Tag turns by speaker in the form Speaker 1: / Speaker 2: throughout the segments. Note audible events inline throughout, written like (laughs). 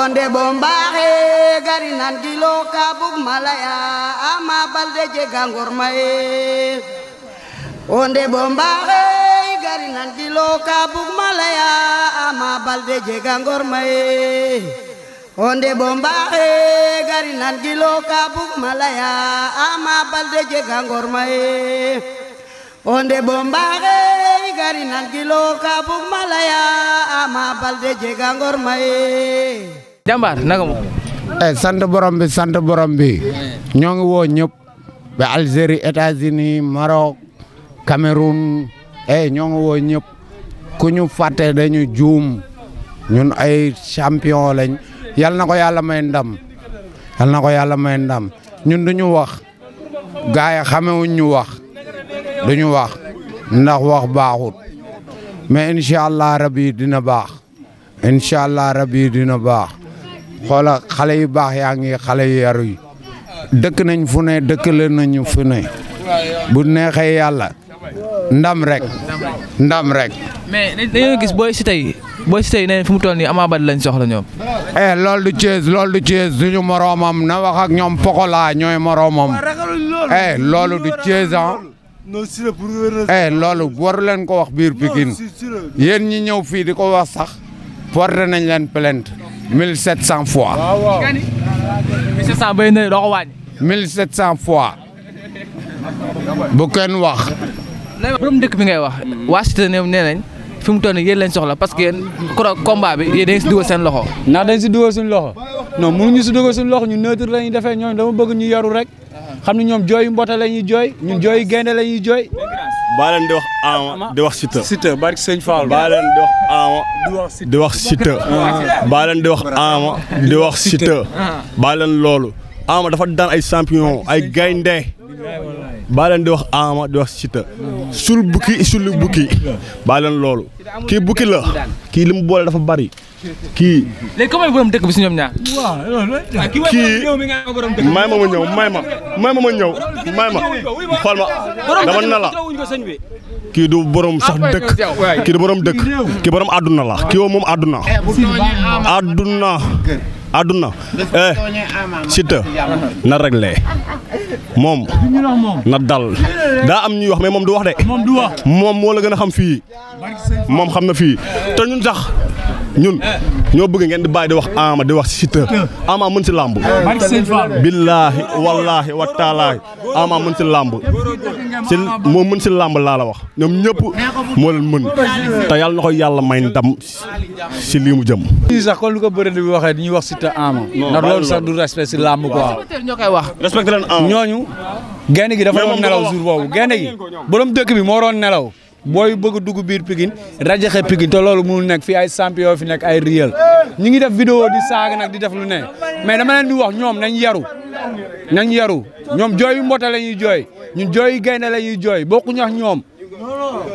Speaker 1: wonde bo
Speaker 2: mbaaxe gari nan gilo ka bug malaya ama balde jega ngorma ye wonde bo mbaaxe gari nan gilo ka bug malaya ama balde jega ngorma ye wonde bo mbaaxe gari nan gilo ka bug malaya ama balde jega ngorma ye wonde bo mbaaxe gari nan gilo ka bug malaya ama balde jega ngorma ye
Speaker 3: jàmbaar naka mu. eh sant borom bi sant borom bi ñoo ngi woo ñëpp ba Algérie États-Unis Maroc eh, ñoo ngi woo ñëpp ku ñu fàtte dañu juum ñun ay champion lañ yal na ko yàlla may ndam yal na ko yàlla may ndam ñun du ñu wax gars yi xamewuñ ñu wax du ñu wax ndax wax baaxut mais incha allah rabi dina baax incha allah rabi dina baax. xoola xale yu baax yaa ngi xale yu yaru yi dëkk nañ fu ne dëkk la nañu fu ne bu neexee yàlla ndam rek ndam rek. mais
Speaker 4: gis booy si tey booy si tey nee fu mu toll nii Ama Baldé lañ soxla ñoom.
Speaker 3: eh loolu du Thiès loolu du Thiès duñu moroomam na wax ak ñoom Pokola ñooy moroomam eh loolu du Thiès ah. eh loolu ko wax biir Pikine yéen ñi ñëw fii di ko wax sax porté nañ leen plainte. 1700 fois. waaw waaw. 1700 béy na doo ko wàññi. 1700 fois.
Speaker 4: bu kenn wax. borom dëkk bi ngay wax. waa Cité ne nañ fi mu toll nii yéen lañ soxla parce que yéen combat bi yéen dañ si dugal seen loxo.
Speaker 5: ndax dañ si dugal suñu loxo non mënuñu si dugal suñu loxo ñu neutre la ñuy defee ñoom dama bëgg ñu yaru rek xam ne ñoom jooyu mbote la ñuy jooy ñu jooy gaynde la ñuy jooy. baa leen di wax Ama di wax Siteu. Siteu barke Sëñ
Speaker 6: Fall. baa leen di wax Ama di wax Siteu. baa leen di wax Ama di wax Siteu. baa leen loolu Ama dafa daan ay champion ay gaynde baa leen di wax Ama di wax Siteu sul bukki sul bukki baa loolu kii bukki la kii li mu boole dafa bari kii. léegi comme ay
Speaker 7: kii may ma ma ñëw may ma
Speaker 6: may ma
Speaker 8: ma dama na
Speaker 6: kii du borom sax ah, dëkk kii du borom dëkk kii borom àdduna la kii woo moom àdduna
Speaker 8: eh,
Speaker 6: àdduna àdduna eh Siteu na réglé moom na dal daa am ñuy wax mais moom du wax de moom moo la gën a xam fii moom xam na fii te ñun sax ñun ñoo bëgg ngeen di bàyyi di wax Ama di wax Siteu Ama mën si làmb billaahi wallaahi wa taalaahi Ama mën si làmb si moo mën si làmb laa la wax ñoom ñëpp moo leen mën te yàlla na ko yàlla may ndam si lii mu jëm lii
Speaker 5: sax kon lu ko bëri di waxee di ñuy wax Siteu Ama ndax loolu sax du respect si làmb ko ñoo koy wax respecté ñooñu gaynde gi dafa doon nelaw jour boobu gaynde gi borom dëkk bi moo doon nelaw booy bëgg a dugg biir Pikine rajaxe Pikine te loolu mënul nekk fi ay champion fi nekk ay réel ñu ngi def vidéo di saaga nag di def lu ne mais na leen di wax ñoom nañ yaru nañ yaru ñoom jooyu mbota la ñuy jooy ñun jooy gaynde la ñuy jooy bokku ñax ñoom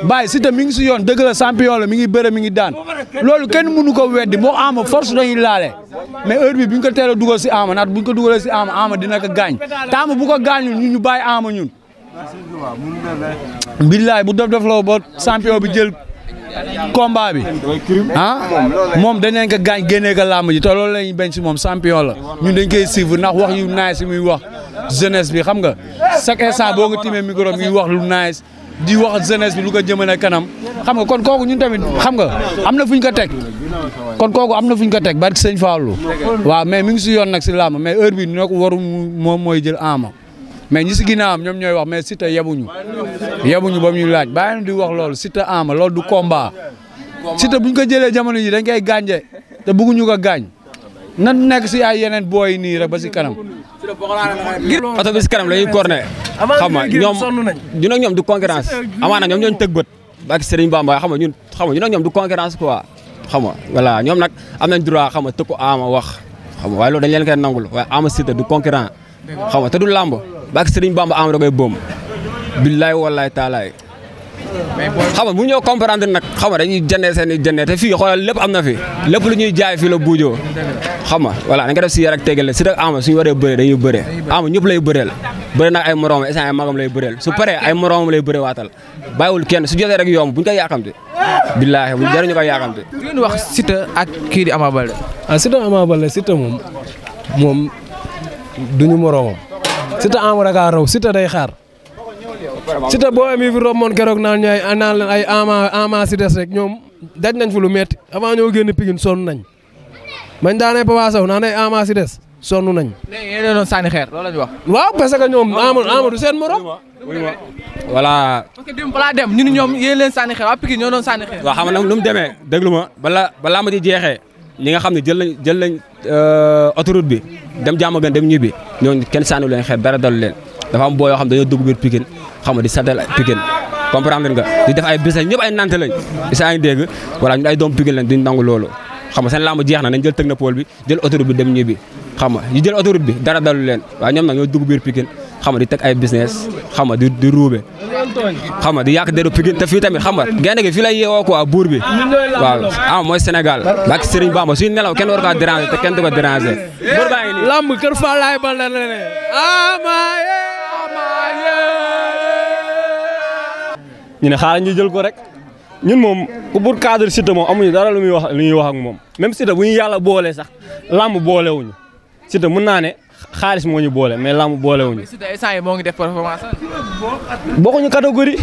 Speaker 5: Baye Siteu mi ngi si yoon dëgg la la mi ngi bëre mi ngi daan loolu kenn munu ko weddi moo ama force dañuy laale mais heure bi bu ñu ko dugal si ama naat bu ñu ko dugalee si ama ama dina ko gaañ te ama bu ko gaañul ñun ñu bàyyi ama ñun billaay bu dof dof loo ba champion bi jël combat bi ah moom dañ leen ko gaañ génnee ko làmb ji te loolu la ñuy si moom champion la ñun dañ koy suivre ndax wax yu nice si muy wax jeunesse bi xam nga chaque instant boo nga timee micro mi wax lu nice di wax jeunesse bi lu ko jëmale kanam xam nga kon kooku ñun tamit xam nga am na fuñ ñu ko teg kon kooku am na fu ñu ko teg barki sëñ Fallou waaw mais mi ngi si yoon nag si làmb mais heure bi noo ko waru moom mooy jël ama mais ñi si ginnaawam ñoom ñooy wax mais Siteu yebuñu yebuñu ba muy laaj bàyyi di wax loolu Siteu Ama loolu du combat Siteu buñ ko jëlee jamono ji dañ koy gànje te bëgguñu ko gaañ na nekk si ay yeneen booy nii rek ba si kanam.
Speaker 7: oto bi si kanam la ñuy corné xam nga ñoom ñun ak ñoom du concurrence amaana ñoom ñooñu tëg bët ba ak Serigne Bamba xam nga ñun xam nga ñun ak ñoom du concurrence quoi xam nga voilà ñoom nag am nañ droit xam nga tëkku Ama wax xam nga waaye loolu dañ leen koy nangul waaye Ama Siteu du concurrent xam nga te du baak sëriñ Bamba am da koy boom billaay wallaay taalaay xam nga bu ñoo comprendre nag xam nga dañuy jëndee seen i jëndee te fii xoolal lépp am na fi lépp lu ñuy jaay fii la buujoo xam nga voilà da nga def si yar ak si rek ama suñu waree bëree dañuy bëree ama ñëpp lay bëreel bëri nag ay moroom instant ay magam lay bëreel su paree ay moroom lay bëree waatal bàyyiwul kenn su jotee rek yomb bu ñu koy yàqamte billaahi bu jëriñu koy yàqamte di leen wax Siteu ak kii di Ama Baldé ah Siteu Ama Baldé Siteu moom moom duñu Siteu Ama daka raw Siteu day xaar. Siteu boo amee fi romboon keroog naan ñu ay Ama Ama si rek ñoom daj nañ fi lu metti avant ñoo génn Pikine sonn nañ mañ daanay Papa Sow naan ay Ama si des nañ. sànni xeer loolu la ñu wax. waaw parce que ñoom Ama Ama du seen morom. voilà.
Speaker 4: parce que dem balaa ñu ñoom yéen leen sànni xeer waa Pikine ñoo doon sànni xeer. waaw xam nga nag
Speaker 7: nu mu demee déglu ma balaa ma di jeexee. ñi nga xam ne jël nañ jël nañ euh, autoroute bi dem Diamaguène dem ñibbi ñooñu kenn sànni leen xeer dara dalu leen dafa am boo yoo xam dañoo dugg biir Pikine xam nga di saddal Pikine comprendre nga di def ay bés ñëpp ay nante lañ saa ngi dégg voilà ñun ay doom Pikine lañ duñ nangu loolu xam nga seen jeex na nañ jël technopole bi jël autoroute bi dem ñibbi xam nga ñu jël autoroute bi dara dalu leen waaye ñoom nag ñoo dugg biir Pikine xam nga di teg ay business xam nga di di ruube xam nga di yàq deru Pikine te fii tamit xam nga gaynde gi fii lay yeewoo quoi buur bi waaw ah mooy senegal bak Serigne Bamba suñu nelaw kenn war kaa déranger te kenn du ko déranger
Speaker 5: buur baa ngi lamb kër fa laay ba la ne amaaye
Speaker 8: ñu ne xaaral ñu jël ko rek ñun moom ku pour cadre Siteu moom amuñu dara lu muy wax lu ñuy wax ak moom même Siteu bu ñu yàlla boole sax lamb boolewuñu Siteu mën naa ne xaalis moo ñu boole mais lamb boolewuñu.
Speaker 4: moo ngi def performance.
Speaker 8: bokkuñu catégorie.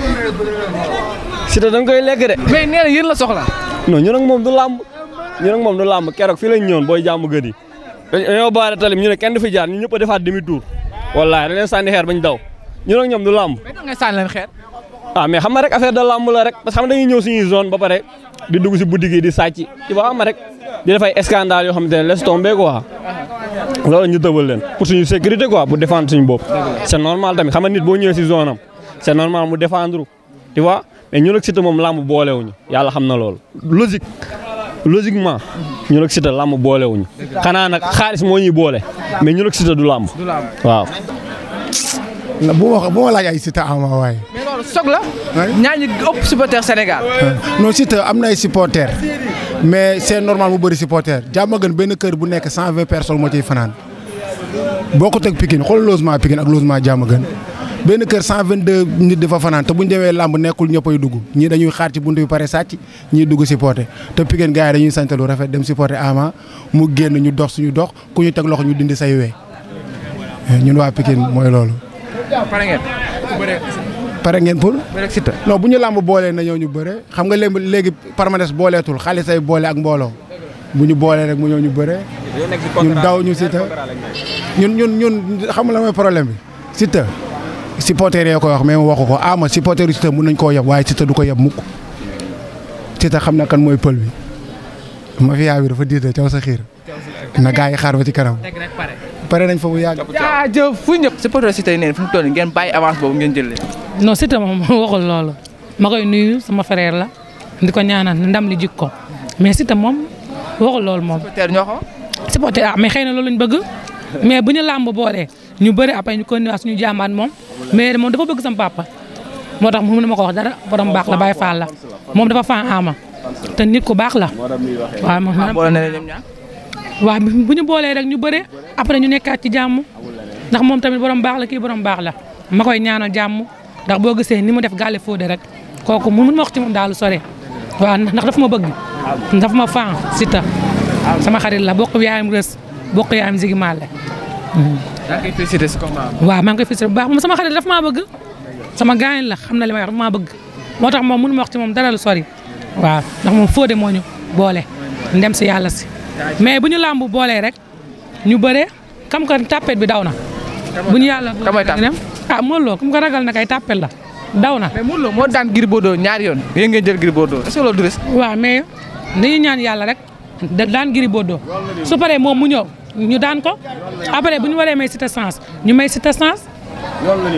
Speaker 8: Siteu da nga koy lekk de. mais nee na la soxla. non ñun ak moom du lamb ñun ak moom du lamb keroog fii lañ ñëwoon booy jàmm gën yi. dañoo baare talim ñu ne kenn du fi jaar ñu ñëpp a defaat demi tour. wallaay dañ leen sànni xeer bañ daw ñun ak ñoom du lamb. a
Speaker 4: nga sànni leen xeer.
Speaker 8: ah mais xam nga rek affaire de lamb la rek parce que xam nga dañuy ñu suñuy zone ba pare di dugg si boutique yi di sàcc ci ba rek di def ay scandale yoo xamante ne laisse tomber quoi loolu ñu dëbal leen pour suñu sécurité quoi pour défendre suñu bopp. c' est normal tamit xam nga nit boo ñëwee si zone am c' est normal mu défendre tu vois mais ñun ak Siteu moom làmb boolewuñu yàlla xam na loolu logique logiquement ñun ak Siteu làmb boolewuñu xanaa nag xaalis moo ñuy boole mais ñun ak Siteu du làmb waaw. bu bu ma laaj ay Siteu am waaye. loolu la. ñaa ñi ëpp supporter Sénégal. si Siteu am na ay
Speaker 3: supporter mais c'est normal mu bëri supporter Diamaguène benn kër bu nekk cent vingt personnes moo ciy fanaan boo ko teg Pikine xool logement Pikine ak logement Diamaguène benn kër 122 nit dafa fanaan te bu ñu demee làmb nekkul ñëppay dugg ñii dañuy xaar ci buntu bi pare sàcc ñii dugg supporter te Pikine gars yi dañuy sant lu rafet dem supporter Ama mu génn ñu dox suñu dox ku ñu teg loxo ñu dindi say wee eh, ñun mooy loolu. pare ngeen pour. non bu ñu làmb boolee na ñëw ñu bëre xam nga léegi léegi permanence booleetul xaalisay boole ak mbooloo bu ñu boolee rek mu ñëw ñu bëre.
Speaker 7: ñun daw ñu Siteu
Speaker 3: ñun ñun ñun xam nga la mooy problème bi Siteu supporter yee koy wax mais waxu ko ama ah, supporter yu mun nañ koo yeb waaye Siteu du ko yeb mukk Siteu xam na kan mooy pël bi mafia bi dafa diite caw sa xiir na gaa yi xaar ba ci kanam
Speaker 9: pare nañ fa bu yàgg
Speaker 4: jaajëf fu ñëpp supporter Siteu yi neen fu mu toll ngeen bàyyi avance boobu ngeen jël
Speaker 9: non Siteu moom waxul loolu ma koy nuyu sama frère la di ko ñaanal ndam li jik ko mais Siteu moom waxul loolu moom. supporter ah mais xëy na loolu lañ bëgg mais bu ñu làmb boolee ñu bëri après ñu suñu jàmbaat moom mais moom dafa bëgg sama papa moo tax mënu ma ko wax dara borom baax la Baye Fall la moom dafa fan ama te nit ku baax la waaw moom ah, waaw bu ñu boolee rek ñu bëre après ñu nekkaat ci jàmm ndax moom tamit borom baax la kii borom baax la ma koy ñaanal jàmm ndax boo gisee ni mu def gàlle fóode rek kooku mun ma wax ci moom daalu sore waaw ndax dafa ma bëgg dafa ma fan Siteu sama xarit la bokk yaayam rës bokk yaayam zigi malle waaw maa ngi koy félicité bu baax moom sama xarit dafa maa bëgg sama gaañ la xam na li ma wax dafa maa bëgg moo tax moom mun ma wax ci moom dara lu sori waaw ndax moom foode moo ñu boole ndem si yàlla si mais bu ñu làmb boolee rek ñu bëre kam ko tàppet bi daw na bu ñu yàlla dem ah Modou Lo comme que ragal na kay tàppel la daw na. mais moo daan Gris Bordeaux ñaari yoon.
Speaker 4: yéen ngeen jël Gris Bordeaux est-ce que loolu du risque.
Speaker 9: ñaan yàlla rek daan Gris Bordeaux su paree moom mu ñëw ñu daan ko après bu ñu waree may Siteu chance ñu may Siteu chance.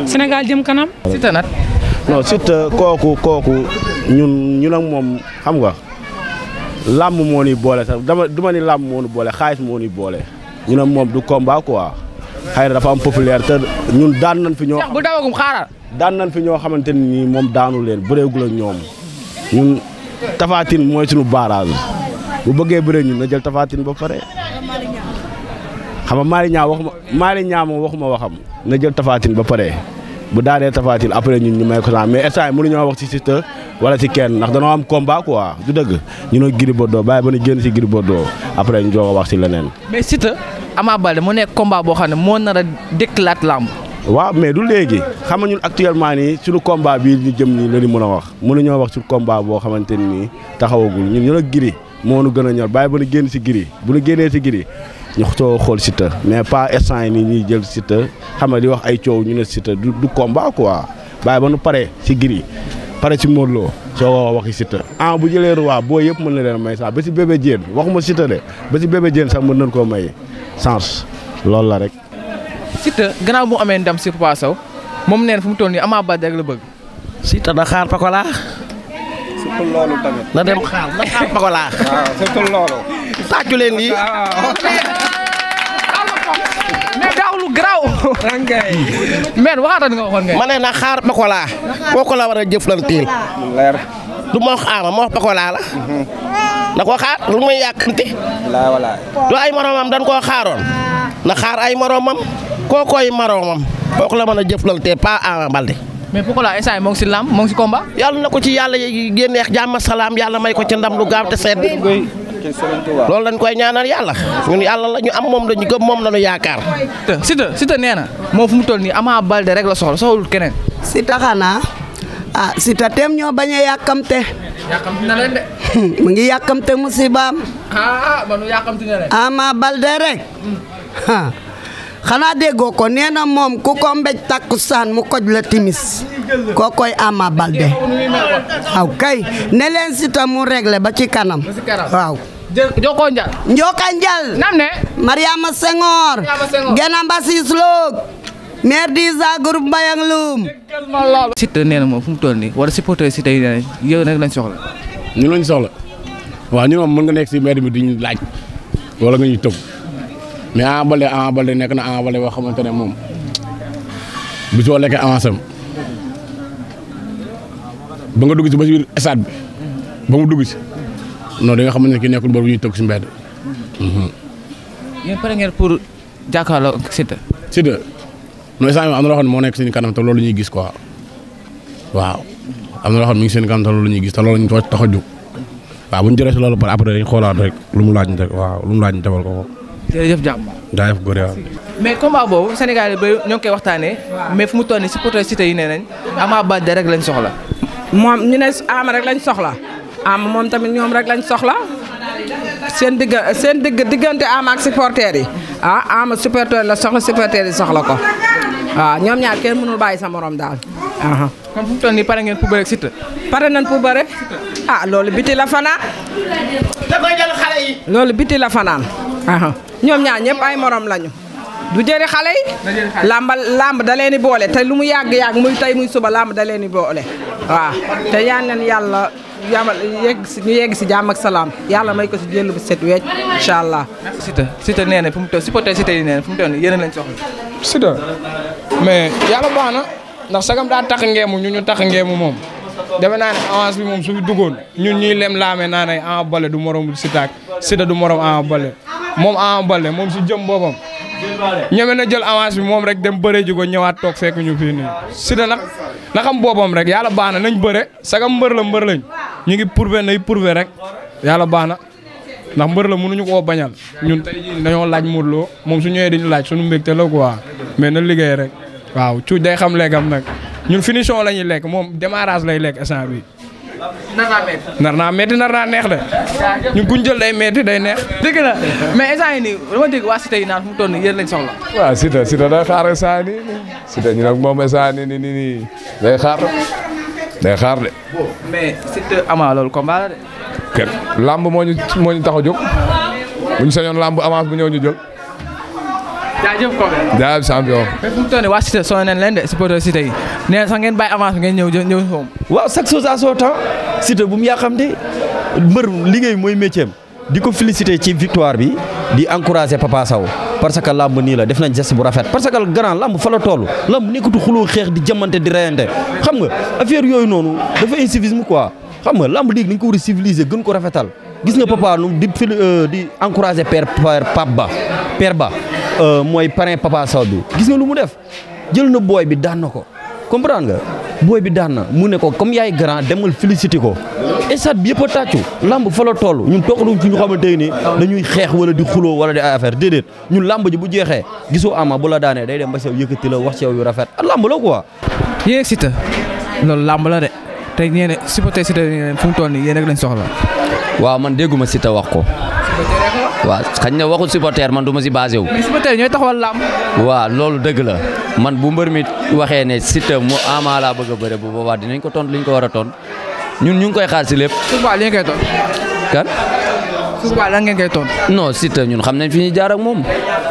Speaker 9: senegal jëm kanam. Siteu nag.
Speaker 1: non Siteu kooku kooku ñun ñu ak moom xam nga làmb moo ni boole sax dama duma ni làmb moo ni boole xaalis moo ni boole ñu ne moom du combat quoi. xayra dafa am populaire te ñun daan nañ fi ñoo. bu dawagum xaaral. daan nañ fi ñoo xamante ne nii moom daanu leen bëreegul ak ñoom ñun tafaatin mooy suñu barrage bu bëggee bëree ñun na jël tafaatin ba pare. xam nga Malick Niang waxuma maali Niang moom waxuma waxam na jël tafaatin ba pare. bu daanee tafaatil après ñun ñu may ko temps mais instant yii mënuñoo wax ci Siteu wala si kenn nax danoo am combat quoi du dëgg ñu ne Gris Bordeaux bàyyi ba ñu génn si Gris Bordeaux après ñu doog a wax ci leneen.
Speaker 4: mais Siteu Ama Baldé mu nekk combat boo xam ne moo nar a laat làmb.
Speaker 1: waaw mais du léegi xam nga ñun actuellement nii suñu combat bii ñu jëm nii la mën a wax mënuñoo wax suñu combat boo xamante nii taxawagul ñun ñu ne Gris moo nu gën a ñor bàyyi ba nu génn si giri bu nu génnee si giri ñu soo xool Siteu mais pas instant yi nii ñuy jël Siteu xam nga di wax ay coow ñu ne Siteu du du combat quoi bàyyi ba nu pare si giri pare si Modou Lo soo ko waxi Siteu ah bu jëlee roi boo yëpp mën na leen may sax ba si bébé Diène waxuma Siteu de ba si bébé Diène sax mën nañ koo may sens loolu la rek.
Speaker 4: Siteu gannaaw bu amee ndam si Papa Sow moom neen fu mu toll nii Ama Baldé rek la bëgg. Siteu da xaar
Speaker 6: surtout loolu tamit.
Speaker 1: na dem xaal na xaal Pokola. (laughs)
Speaker 4: waaw leen lii.
Speaker 1: Ah, ah,
Speaker 7: ah. mais
Speaker 4: daaw lu nga xaar Pokola. kooku la a jëflanteel. leer. du ma wax Ama ma la. Mhm. na ko xaar lu muy yàkkante. du ay moromam dañ koo xaaroon. na xaar ay moromam. kookooy moromam. kooku la mën jëflanteel pas Ama Balde. mais pourquoi la instant yi moo si lamb moo ngi si combat. yàlla na ko ci yàlla génneex jàmm salaam yàlla may ko ci ndam lu gaaw te sedd. loolu lañ koy ñaanal yàlla ñun yàlla la ñu am moom la ñu moom
Speaker 2: la ñu yaakaar. Siteu Siteu nee na moom fu mu toll nii Ama balde rek la soxla soxlul keneen. Siteu xanaa ah Siteu teem ñoo bañ a yàkkamte.
Speaker 4: (laughs)
Speaker 2: mu ngi yàkkamte musibaam. ah
Speaker 4: ah man yàkkamti
Speaker 2: na rek. Mm. xanaa déggoo ko nee na moom ku ko mbéj takkusaan mu koj la timis koo koy Ama Baldé waaw kay ne leen Siteu mu réglé ba ci kanam waaw Njoko Njal Njoka Njal nam ne Mariama Senghor Gena Mbasis Loog maire Mbayang Loum
Speaker 1: Siteu nee moom fu mu toll nii wala supporter Siteu yi nee na yow nag lañ soxla ñu lañ soxla moom mën nga nekk si maire bi duñu laaj wala nga ñuy tëgg mais Ama Baldé Ama Baldé nekk na Ama Baldé boo xamante ne moom bu soo lekkee avancé am nga dugg si ba si mu dugg si non da nga xamante ne nekkul bor bu ñuy tëgg si mbedd. Mhm. yéen pour jàkkaarloo ak Siteu. Siteu non instant am na loo xam ne moo nekk kanam te loolu ñuy gis quoi waaw am na loo xam ne mi ngi seen kanam te loolu ñuy gis te loolu ñu tax a jóg waaw bu ñu jëlee si loolu par après dañu xoolaat rek lu mu laaj ñu rek waaw lu mu laaj ñu defal ko. jërëjëf jàmm. jaajëf
Speaker 7: góor
Speaker 4: mais combat boobu Sénégal yi koy waxtaanee. mais fu mu toll nii supporters Siteu yi nee nañ. Ama Baldé rek lañ soxla. moom ñu ne Ama rek lañ soxla. Ama moom tamit ñoom rek lañ soxla. seen digg seen digg diggante Ama ak supporters yi. ah Ama supporter la soxla supporters yi soxla ko. waaw ah, ñoom ñaar kenn mënul bàyyi sa moroom daal. kon fu mu toll nii pare ngeen pour nañ pour bëre. ah loolu biti la fanaan. da loolu biti la fanaan. ñoom ñaar ñëpp ay morom lañu. du jëri xale yi làmba làmb da leen di boole te lu mu yàgg-yàgg muy tey muy suba làmb da leen di boole waaw te ñaan leen yàlla yamal yegg si ñu yegg si jàmm ak salaam yàlla may ko si jël bu set weec incha allah Siteu Siteu nee na fu mu toll supporter Siteu yi nee na fu mu toll yéen lañ soxla mais yàlla baax na ndax sagam daa tax ngeemu ñu ñu tax ngeemu moom deme naa ne avance bi moom su duggoon ñun ñuy lem laamee naa ne
Speaker 7: Ama Baldé du morom Siteu ak Siteu du morom Ama Baldé moom Ama Baldé moom si jëm boppam. ñeme na jël avance bi moom rek dem bëre ji ko ñëwaat toog fekk ñu fii nii Siteu nag
Speaker 5: na xam boppam rek yàlla baax na nañ bëre sagam mbër la mbër lañ ñu ngi prouvé nay prouvé rek
Speaker 7: yàlla baax na ndax mbër la mënuñu koo bañal ñun tey jii dañoo laaj Modou Lo moom su ñëwee dañu laaj suñu mbégte la quoi mais na liggéey rek waaw cuuj day xam lekkam nag ñun finition la ñuy lekk moom démarrage lay lekk instant bi nar naa metti nar naa neex de
Speaker 4: ñun kuñ jël day metti day neex. dëgg la mais instant yii nii dama dégg waa Cité yi naan fu mu toll nii yéen lañ soxla.
Speaker 5: waaw Cité Cité day xaar instant yii nii ñu nag moom instant yii day xaar day xaar de. mais Cité Ama loolu combat de. kenn
Speaker 4: moo ñu tax a jóg bu ñu sañoon làmb avance bu ñëw ñu jël. jaajëf ko jaajëf champion. mais fu mu toll nii waa Cité sonn nañ leen de supporter Cité yi nee na sax ngeen bàyyi avance bi ngeen ñëw ñëw
Speaker 5: waaw chaque chose à son temps Cité bu mu yàqamte mbër liggéey mooy métier di ko féliciter ci victoire bi di encourager Papa saw parce que lamb nii la def nañ geste bu rafet parce que grand lamb fa la toll lamb nekkatu xuloo xeex di jamante di reyante xam nga affaire yooyu noonu dafa incivisme quoi xam nga lamb léegi dañ ko war a gën ko rafetal gis nga papa di euh, di encourager père père Pape Ba Euh, mooy parrain Papa Sow bi gis nga lu mu def jël na booy bi daan na ko comprendre nga booy bi daan na mu ne ko comme yaay grand demal félicité ko stade bi yëpp a tàccu lamb fa la toll ñun toogaluñ ci ñu xamante ni dañuy xeex wala di xuloo wala di ay affaire déedéet ñun lamb ji bu jeexee gisoo ama bu la daanee day dem ba sew yëkkati la wax sew yu rafet ak ah, lamb la quoi. yéeg Siteu
Speaker 10: loolu lamb la de te nee na fu mu toll nii yéen rek lañ soxla. waaw man dégguma Siteu wax ko. waaw xañ na waxul supporter man du ma si basé wu. supporter
Speaker 4: ñooy taxawal làmb.
Speaker 10: waaw loolu dëgg la man bu mbër mi waxee ne Siteu mu Ama laa bëgg a bëre bu boobaa dinañ ko ton li ñu ko war a tontu ñun ñu ngi koy xaar si lépp. Touba li ngeen koy tontu. kan. Touba lan ngeen koy tontu. non Siteu ñun xam nañ fi ñuy jaar ak moom.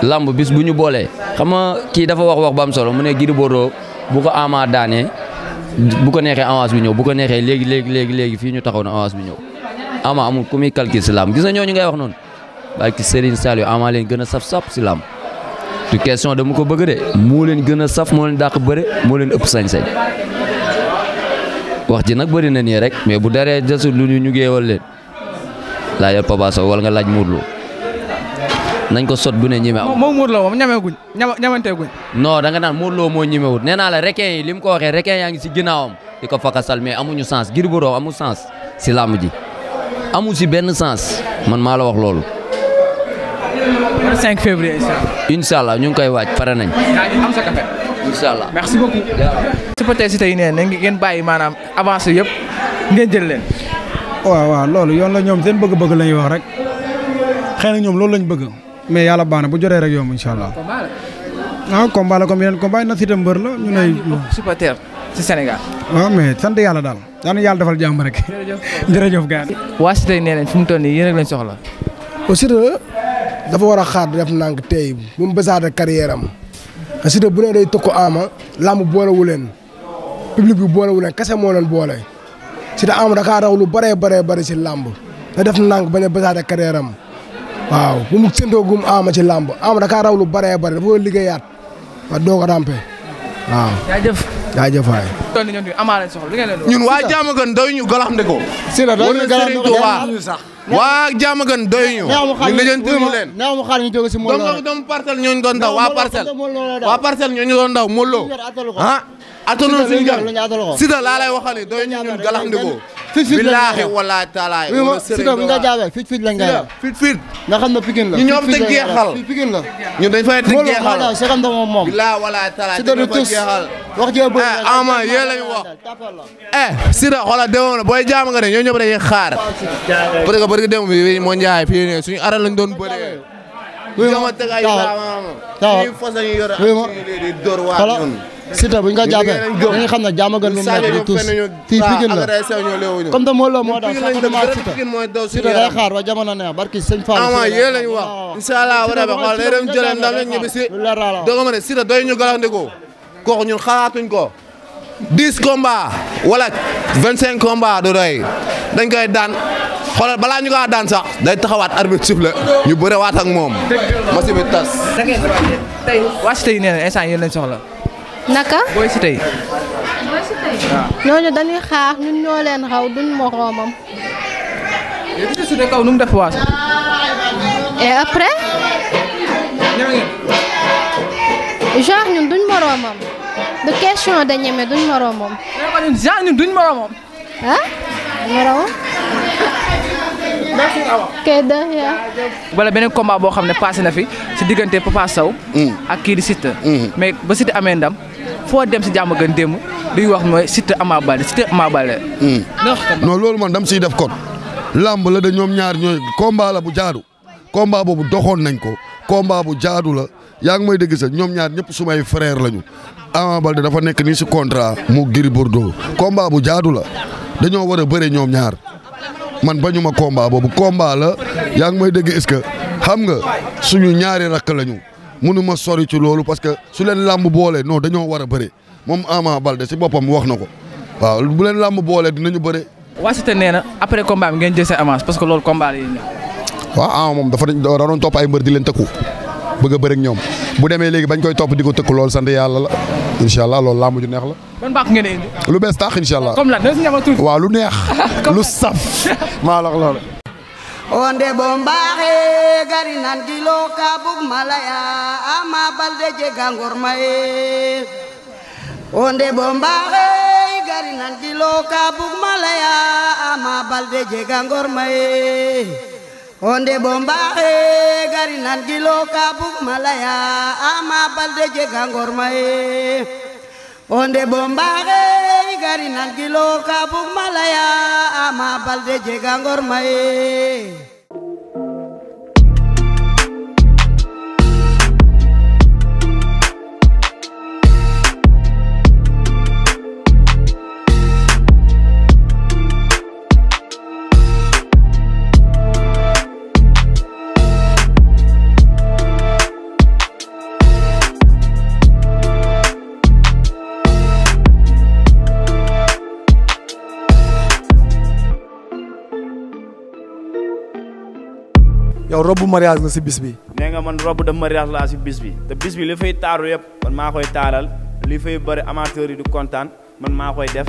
Speaker 10: lamb bis bu ñu boolee xam nga kii dafa wax wax ba am solo mu ne Gris Bordeaux bu ko Ama daanee bu ko neexee avance bi ñëw bu ko neexee léegi léegi léegi léegi fii ñu taxaw na avance bi ñëw Ama amul ku muy calcul si làmb wax noonu barki Serigne Saliou Ama leen gën a saf sap si lam du de dama ko bëgg de moo leen gën a saf moo leen dàq bëre moo leen ëpp sañ-sañ wax ji nag bëri na nii rek mais bu daree desul lu ñu ñu géewal leen laajal Papa wala nga laaj Modou Lo nañ ko sot bu ne ñime aw. moo Modou Lo moom ñameeguñ ñamanteeguñ. non da nga naan Modou Lo moo ñimewut nee naa la requin yi li mu ko waxee requin yaa ngi si ginnaawam di ko fakasal mais amuñu sens Gris Bordeaux amul sens si làmb ji amu si benn sens man maa la wax loolu. le 5 février incha allah ñu ngi koy waaj pare nañ. am sa café. incha allah
Speaker 4: merci nee na ngeen bàyyi maanaam avancé yëpp ngeen jël leen.
Speaker 3: waaw waaw loolu yoon la ñoom seen bëgg-bëgg la ñuy wax rek xëy na ñoom loolu lañ bëgg mais yàlla baax na bu joree rek yomb allah. ah combat la comme yeneen combat yi si mbër la ñu ne. supporter ci Sénégal. waaw ah, mais sant yàlla daal daan yàlla defal jàmm rek. jërëjëf (laughs) jërëjëf gars yi. waa Cité nee nañ
Speaker 4: fi mu toll nii yéen rek lañ soxla.
Speaker 1: dafa war a xaar def ndànk tey bu mu bésaat ak carrière am parce que bu day tëkku Ama lamb boolewu leen public bi boolewu leen kese moo boole si te Ama dakaa raw lu bëree bëree bëri si làmb da def ndànk bañ a bésaat ak carrière am waaw bu mu gum Ama ci làmb Ama dakaa raw lu bëree bëri dafa war a liggéeyaat ba doo a waaw. jaajëf
Speaker 4: ñun waa Diamaguène
Speaker 11: doy ñu galamdekoo. si la doy ñu galamdekoo waa waa Diamaguène doy ñu. ñu lijjantilu leen néew mu xaar ñu jóge si Modou Lo doom doom parcelle ñooñu doon waa parcelle. waa parcelle ñooñu doon daw Modou Lo ah. atanu suñu gan si la fit fit billaahi wallaahi taalaay wala sëriñ bi nga
Speaker 8: jaabee fit fit lañ nga
Speaker 11: fit fit nga xam ne pikin la ñu ñoom te geexal pikin la ñu dañ fay te geexal loolu segam da moom moom billaahi wallaahi taalaay si doon tus wax jee bëri eh, ama yee lañ wax eh sira xoolal demoon na booy jaam nga ne ñoo ñëpp dañuy xaar parce que bëri dem bi moo njaay fii ne suñu aral lañ doon bëree
Speaker 9: ñu ma teg ay laama
Speaker 11: ñu ñu yor ak ñu di door waa ñun Siteu bu ñu ko jàppee dañuy xam ne jàmm gën mu nekk di tuus fii ah, Pikine la comme te Modou Lo moo daal sax dama Siteu Siteu
Speaker 12: ba jamono neex barki sëñ Fall ama ah, yéen lañu wax ba xool day dem jëlee ndam rek ñibbi si
Speaker 11: dogo ma ne Siteu ñun xalaatuñ ko 10 combats wala 25 combats du doy dañ koy daan xoolal balaa ñu kaa daan day taxawaat arbitre suuf la ñu bëre waat moom. ma si tas. da ngeen
Speaker 4: yi nee na instant yéen naka. booy si tey.
Speaker 11: booy
Speaker 10: si
Speaker 4: ah. ñooñu dañuy xaar ñun ñoo leen raw duñ moroomam. léegi kaw nu mu def waaso. et après. genre ñun duñ moroomam. de question de ñeme duñ moroomam. genre ñun duñ moroomam. ah moroomam.
Speaker 12: kay de yaa.
Speaker 4: wala beneen combat boo xam ne passé na fi si diggante Papa Sow. Mm. ak kii di Siteu. Mm. mais ba Siteu amee ndam. foo dem si jàmm gën di wax mooy Siteu Ama Baldé Siteu
Speaker 11: Ama Baldé. Hmm. non loolu man dam siy def kon làmb la de ñoom ñaar ñooy combat bu jaadu combat boobu doxoon nañ ko combat bu jaadu la yaa ngi may dégg sax ñoom ñaar ñëpp sumay frère lañu. Ama Baldé dafa nekk nii si contrat mu Gris Bordeaux combat bu jaadu la dañoo war a bëre ñoom ñaar man bañu ma combat boobu combat la yaa ngi may dégg est-ce que xam nga suñu ñaari rakk lañu. mënuma sori ci loolu parce que su leen làmb boole non dañoo war a bëre moom Ama Balde si boppam wax na ko waaw bu leen làmb boole dinañu bëre.
Speaker 4: waa Cité nee na après combat bi ngeen jël seen avance parce que loolu combat la ñuy
Speaker 11: waaw Ama moom dafa doon topp ay mbër di leen tëkku bëgg a bëre ñoom
Speaker 6: bu demee léegi bañ koy topp di ko tëkku loolu sant yàlla la incha allah loolu làmb ju neex la. ban baax lu
Speaker 11: bees tax incha allah. comme lan waaw lu neex. (laughs) lu saf (laughs) maa la wax loolu.
Speaker 2: onde bombaxe gari nan gilo ka bug malaya ama balde jega ngorma ye onde bombaxe gari nan gilo ka bug malaya ama balde jega ngorma ye onde bombaxe gari nan gilo ka bug malaya ama balde jega ngorma ye onde bombaxe gari nan gilo kabuk malaya ama balde jega ngor maye
Speaker 11: yow robbu mariage nga si bis bi.
Speaker 12: nee nga man robbu de mariage laa si bis bi te bis bi li fay taaru yëpp man maa koy taaral li fay bëri amateurs yi du kontaan man maa koy def.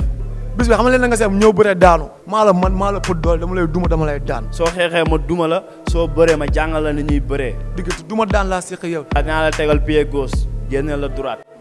Speaker 12: bis bi xam nga leen nga seetlu ñëw bëree daanu maa la man maa la pët doole dama lay duma dama lay daan. soo xeexee ma duma la soo baree ma jàngal la ni ñuy bëree. diggante duma daan laa seq yow. dinaa la tegal pied génnee la droite.